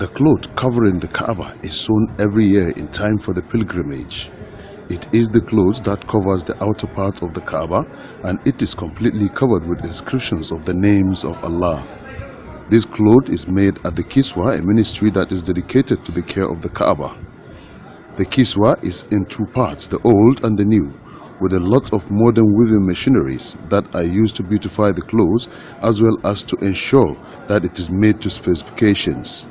The cloth covering the Kaaba is sewn every year in time for the pilgrimage. It is the cloth that covers the outer part of the Kaaba and it is completely covered with inscriptions of the names of Allah. This cloth is made at the Kiswa, a ministry that is dedicated to the care of the Kaaba. The Kiswa is in two parts, the old and the new, with a lot of modern weaving machineries that are used to beautify the clothes as well as to ensure that it is made to specifications.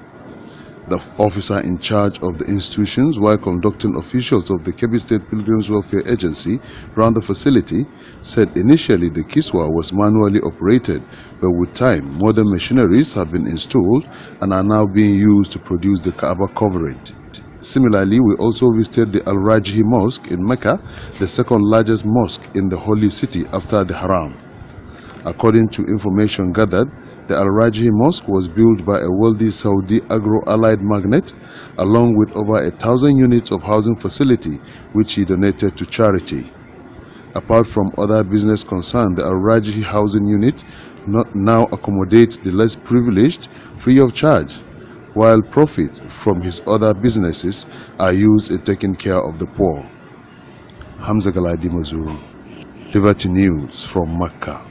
The officer in charge of the institutions while conducting officials of the Kebbi State Pilgrims Welfare Agency around the facility said initially the Kiswa was manually operated but with time modern machineries have been installed and are now being used to produce the Kaaba coverage. Similarly, we also visited the Al-Rajhi Mosque in Mecca, the second largest mosque in the holy city after the Haram. According to information gathered, the Al Rajhi Mosque was built by a wealthy Saudi agro-allied magnate along with over a thousand units of housing facility which he donated to charity. Apart from other business concerns, the Al Rajhi housing unit now accommodates the less privileged free of charge while profits from his other businesses are used in taking care of the poor. Hamza Galadi Mazuru, Liberty News from Makkah.